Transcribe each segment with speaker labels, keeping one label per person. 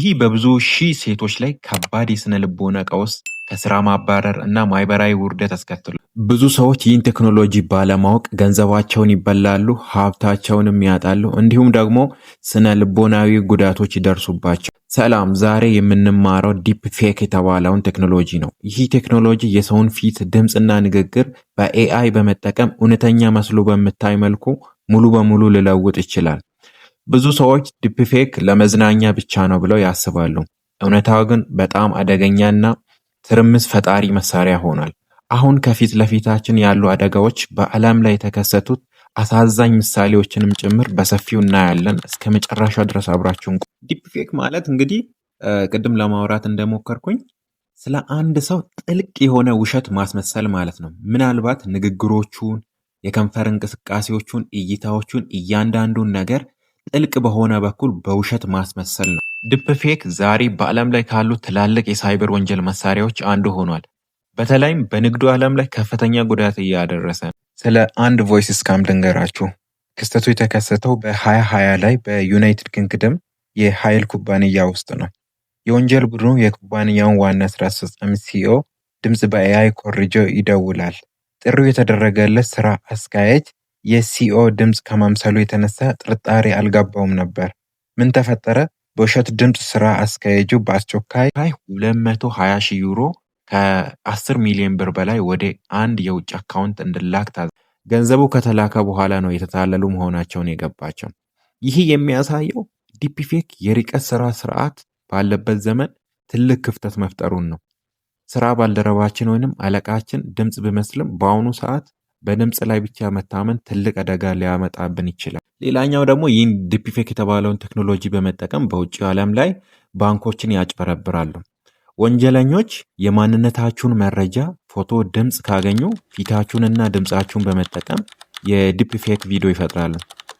Speaker 1: ይህ በብዙ ሺህ ሴቶች ላይ ከባድ የስነ ልቦና ቀውስ፣ ከስራ ማባረር እና ማህበራዊ ውርደት አስከትሏል። ብዙ ሰዎች ይህን ቴክኖሎጂ ባለማወቅ ገንዘባቸውን ይበላሉ፣ ሀብታቸውንም ያጣሉ፣ እንዲሁም ደግሞ ስነ ልቦናዊ ጉዳቶች ይደርሱባቸው። ሰላም፣ ዛሬ የምንማረው ዲፕ ፌክ የተባለውን ቴክኖሎጂ ነው። ይህ ቴክኖሎጂ የሰውን ፊት ድምፅና ንግግር በኤአይ በመጠቀም እውነተኛ መስሎ በምታይ መልኩ ሙሉ በሙሉ ሊለውጥ ይችላል። ብዙ ሰዎች ዲፕፌክ ለመዝናኛ ብቻ ነው ብለው ያስባሉ። እውነታው ግን በጣም አደገኛና ትርምስ ፈጣሪ መሳሪያ ሆኗል። አሁን ከፊት ለፊታችን ያሉ አደጋዎች በዓለም ላይ የተከሰቱት አሳዛኝ ምሳሌዎችንም ጭምር በሰፊው እናያለን። እስከ መጨረሻው ድረስ አብራችሁን።
Speaker 2: ዲፕፌክ ማለት እንግዲህ ቅድም ለማውራት እንደሞከርኩኝ ስለ አንድ ሰው ጥልቅ የሆነ ውሸት ማስመሰል ማለት ነው። ምናልባት ንግግሮቹን፣ የከንፈር እንቅስቃሴዎቹን፣ እይታዎቹን፣ እያንዳንዱን ነገር ጥልቅ በሆነ በኩል በውሸት ማስመሰል ነው። ዲፕፌክ ዛሬ በዓለም ላይ ካሉ ትላልቅ የሳይበር ወንጀል መሳሪያዎች አንዱ ሆኗል። በተለይም በንግዱ ዓለም ላይ ከፍተኛ ጉዳት እያደረሰ ነው።
Speaker 3: ስለ አንድ ቮይስ ስካም ልንገራችሁ። ክስተቱ የተከሰተው በ2020 ላይ በዩናይትድ ኪንግደም የኃይል ኩባንያ ውስጥ ነው። የወንጀል ቡድኑ የኩባንያውን ዋና ስራ አስፈጻሚ ሲኦ ድምፅ በኤአይ ኮርጆ ይደውላል። ጥሪው የተደረገለት ስራ አስኪያጅ የሲኦ ድምፅ ከማምሰሉ የተነሳ ጥርጣሬ አልጋባውም ነበር። ምን ተፈጠረ? በውሸት ድምፅ ስራ አስኪያጁ በአስቸኳይ 220 ሺ ዩሮ ከ10 ሚሊዮን ብር በላይ ወደ አንድ የውጭ አካውንት እንድላክ ታዘ። ገንዘቡ ከተላከ በኋላ ነው የተታለሉ መሆናቸውን የገባቸው። ይህ የሚያሳየው ዲፒፌክ የርቀት ስራ ስርዓት ባለበት ዘመን ትልቅ ክፍተት መፍጠሩን ነው። ስራ ባልደረባችን ወይንም አለቃችን ድምፅ ቢመስልም በአሁኑ ሰዓት በድምፅ ላይ ብቻ መታመን ትልቅ አደጋ ሊያመጣብን ይችላል። ሌላኛው ደግሞ ይህን ዲፒፌክ የተባለውን ቴክኖሎጂ በመጠቀም በውጭ ዓለም ላይ ባንኮችን ያጭበረብራሉ። ወንጀለኞች የማንነታችሁን መረጃ፣ ፎቶ፣ ድምፅ ካገኙ ፊታችሁንና ድምፃችሁን በመጠቀም የዲፕፌክ ቪዲዮ ይፈጥራሉ።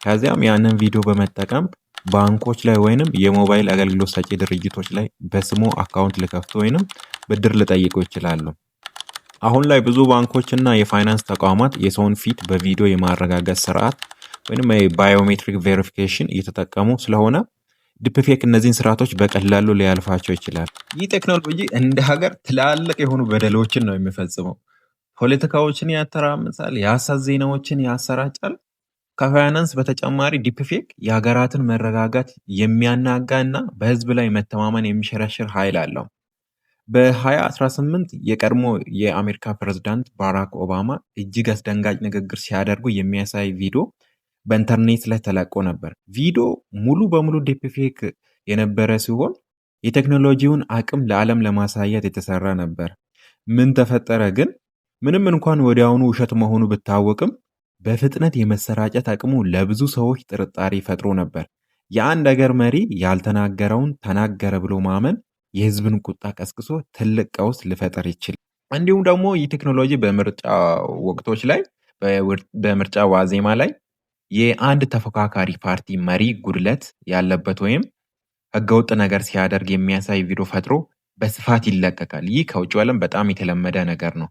Speaker 3: ከዚያም ያንን ቪዲዮ በመጠቀም ባንኮች ላይ ወይንም የሞባይል አገልግሎት ሰጪ ድርጅቶች ላይ በስሙ አካውንት ሊከፍቱ ወይንም ብድር ሊጠይቁ ይችላሉ። አሁን ላይ ብዙ ባንኮች እና የፋይናንስ ተቋማት የሰውን ፊት በቪዲዮ የማረጋገጥ ስርዓት ወይም የባዮሜትሪክ ቬሪፊኬሽን እየተጠቀሙ ስለሆነ ዲፕፌክ እነዚህን ስርዓቶች በቀላሉ ሊያልፋቸው ይችላል።
Speaker 4: ይህ ቴክኖሎጂ እንደ ሀገር ትላልቅ የሆኑ በደሎችን ነው የሚፈጽመው። ፖለቲካዎችን ያተራምሳል፣ የሀሰት ዜናዎችን ያሰራጫል። ከፋይናንስ በተጨማሪ ዲፕፌክ የሀገራትን መረጋጋት የሚያናጋ እና በህዝብ ላይ መተማመን የሚሸረሽር ኃይል አለው። በ2018 የቀድሞ የአሜሪካ ፕሬዝዳንት ባራክ ኦባማ እጅግ አስደንጋጭ ንግግር ሲያደርጉ የሚያሳይ ቪዲዮ በኢንተርኔት ላይ ተለቆ ነበር። ቪዲዮ ሙሉ በሙሉ ዲፕፌክ የነበረ ሲሆን የቴክኖሎጂውን አቅም ለዓለም ለማሳየት የተሰራ ነበር። ምን ተፈጠረ ግን? ምንም እንኳን ወዲያውኑ ውሸት መሆኑ ብታወቅም በፍጥነት የመሰራጨት አቅሙ ለብዙ ሰዎች ጥርጣሬ ፈጥሮ ነበር። የአንድ አገር መሪ ያልተናገረውን ተናገረ ብሎ ማመን የህዝብን ቁጣ ቀስቅሶ ትልቅ ቀውስ ሊፈጠር ይችላል። እንዲሁም ደግሞ ይህ ቴክኖሎጂ በምርጫ ወቅቶች ላይ በምርጫ ዋዜማ ላይ የአንድ ተፎካካሪ ፓርቲ መሪ ጉድለት ያለበት ወይም ህገወጥ ነገር ሲያደርግ የሚያሳይ ቪዲዮ ፈጥሮ በስፋት ይለቀቃል። ይህ ከውጭ ዓለም በጣም የተለመደ ነገር ነው።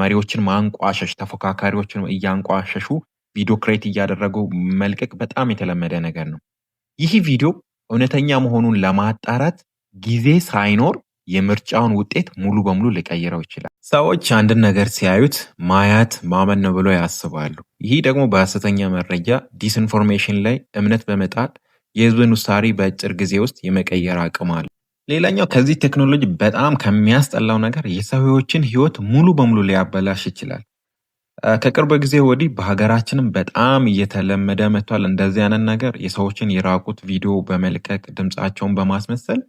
Speaker 4: መሪዎችን ማንቋሸሽ፣ ተፎካካሪዎችን እያንቋሸሹ ቪዲዮ ክሬት እያደረጉ መልቀቅ በጣም የተለመደ ነገር ነው። ይህ ቪዲዮ እውነተኛ መሆኑን ለማጣራት ጊዜ ሳይኖር የምርጫውን ውጤት ሙሉ በሙሉ ሊቀይረው ይችላል።
Speaker 1: ሰዎች አንድን ነገር ሲያዩት ማየት ማመን ነው ብለው ያስባሉ። ይህ ደግሞ በሐሰተኛ መረጃ ዲስኢንፎርሜሽን ላይ እምነት በመጣል የህዝብን ውሳኔ በአጭር ጊዜ ውስጥ የመቀየር አቅም አለ። ሌላኛው ከዚህ ቴክኖሎጂ በጣም ከሚያስጠላው ነገር የሰዎችን ህይወት ሙሉ በሙሉ ሊያበላሽ ይችላል። ከቅርብ ጊዜ ወዲህ በሀገራችንም በጣም እየተለመደ መጥቷል። እንደዚህ አይነት ነገር የሰዎችን የራቁት ቪዲዮ በመልቀቅ ድምፃቸውን በማስመሰል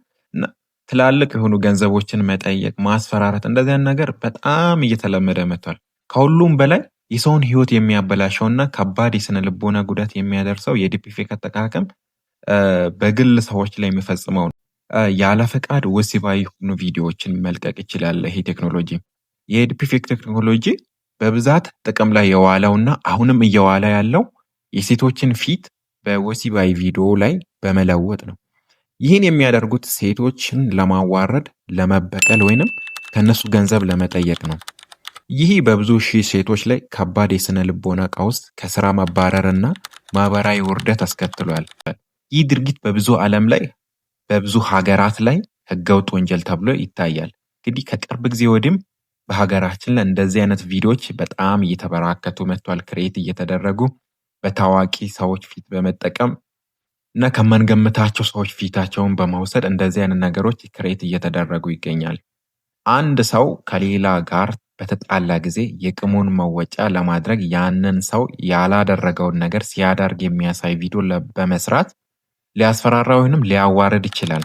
Speaker 1: ትላልቅ የሆኑ ገንዘቦችን መጠየቅ፣ ማስፈራረት እንደዚያን ነገር በጣም እየተለመደ መጥቷል። ከሁሉም በላይ የሰውን ህይወት የሚያበላሸውና ከባድ የስነ ልቦና ጉዳት የሚያደርሰው የዲፒፌክ አጠቃቀም በግል ሰዎች ላይ የሚፈጽመው ነው። ያለ ፈቃድ ወሲባዊ የሆኑ ቪዲዮዎችን መልቀቅ ይችላል። ይሄ ቴክኖሎጂ የዲፒፌክ ቴክኖሎጂ በብዛት ጥቅም ላይ እና አሁንም እየዋለ ያለው የሴቶችን ፊት በወሲባዊ ቪዲዮ ላይ በመለወጥ ነው። ይህን የሚያደርጉት ሴቶችን ለማዋረድ፣ ለመበቀል ወይንም ከእነሱ ገንዘብ ለመጠየቅ ነው። ይህ በብዙ ሺህ ሴቶች ላይ ከባድ የስነ ልቦና ቀውስ፣ ከስራ መባረርና ማህበራዊ ውርደት አስከትሏል። ይህ ድርጊት በብዙ ዓለም ላይ በብዙ ሀገራት ላይ ህገወጥ ወንጀል ተብሎ ይታያል። እንግዲህ ከቅርብ ጊዜ ወዲህም በሀገራችን ላይ እንደዚህ አይነት ቪዲዮዎች በጣም እየተበራከቱ መጥቷል። ክሬት እየተደረጉ በታዋቂ ሰዎች ፊት በመጠቀም እና ከማንገምታቸው ሰዎች ፊታቸውን በመውሰድ እንደዚህ አይነት ነገሮች ክሬት እየተደረጉ ይገኛል። አንድ ሰው ከሌላ ጋር በተጣላ ጊዜ የቅሙን መወጫ ለማድረግ ያንን ሰው ያላደረገውን ነገር ሲያደርግ የሚያሳይ ቪዲዮ በመስራት ሊያስፈራራ ወይንም ሊያዋርድ ይችላል።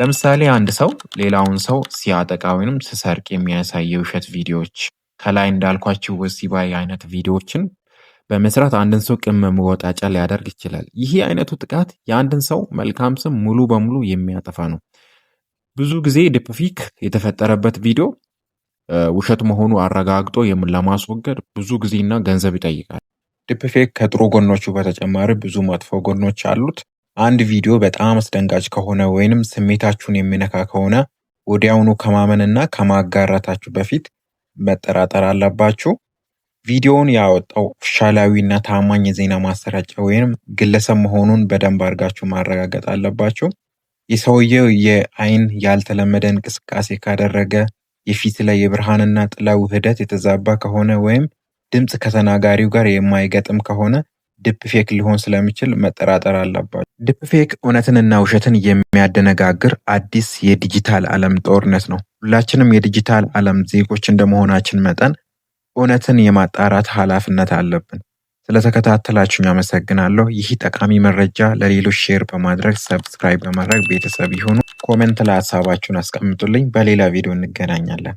Speaker 1: ለምሳሌ አንድ ሰው ሌላውን ሰው ሲያጠቃ ወይንም ሲሰርቅ የሚያሳይ የውሸት ቪዲዮዎች፣ ከላይ እንዳልኳቸው ወሲባዊ አይነት ቪዲዮዎችን በመስራት አንድን ሰው ቅም መወጣጫ ሊያደርግ ይችላል። ይህ አይነቱ ጥቃት የአንድን ሰው መልካም ስም ሙሉ በሙሉ የሚያጠፋ ነው። ብዙ ጊዜ ዲፕፊክ የተፈጠረበት ቪዲዮ ውሸት መሆኑ አረጋግጦ ለማስወገድ ብዙ ጊዜና ገንዘብ ይጠይቃል።
Speaker 5: ዲፕፌክ ከጥሩ ጎኖቹ በተጨማሪ ብዙ መጥፎ ጎኖች አሉት። አንድ ቪዲዮ በጣም አስደንጋጭ ከሆነ ወይንም ስሜታችሁን የሚነካ ከሆነ ወዲያውኑ ከማመንና ከማጋራታችሁ በፊት መጠራጠር አለባችሁ። ቪዲዮውን ያወጣው ኦፊሻላዊ እና ታማኝ የዜና ማሰራጫ ወይም ግለሰብ መሆኑን በደንብ አድርጋችሁ ማረጋገጥ አለባችሁ። የሰውየው የአይን ያልተለመደ እንቅስቃሴ ካደረገ፣ የፊት ላይ የብርሃንና ጥላ ውህደት የተዛባ ከሆነ ወይም ድምፅ ከተናጋሪው ጋር የማይገጥም ከሆነ ድፕፌክ ሊሆን ስለሚችል መጠራጠር አለባችሁ። ዲፕፌክ እውነትንና ውሸትን የሚያደነጋግር አዲስ የዲጂታል ዓለም ጦርነት ነው። ሁላችንም የዲጂታል ዓለም ዜጎች እንደመሆናችን መጠን እውነትን የማጣራት ኃላፊነት አለብን። ስለተከታተላችሁኝ አመሰግናለሁ። ይህ ጠቃሚ መረጃ ለሌሎች ሼር በማድረግ ሰብስክራይብ በማድረግ ቤተሰብ ይሁኑ። ኮሜንት ላይ ሀሳባችሁን አስቀምጡልኝ። በሌላ ቪዲዮ እንገናኛለን።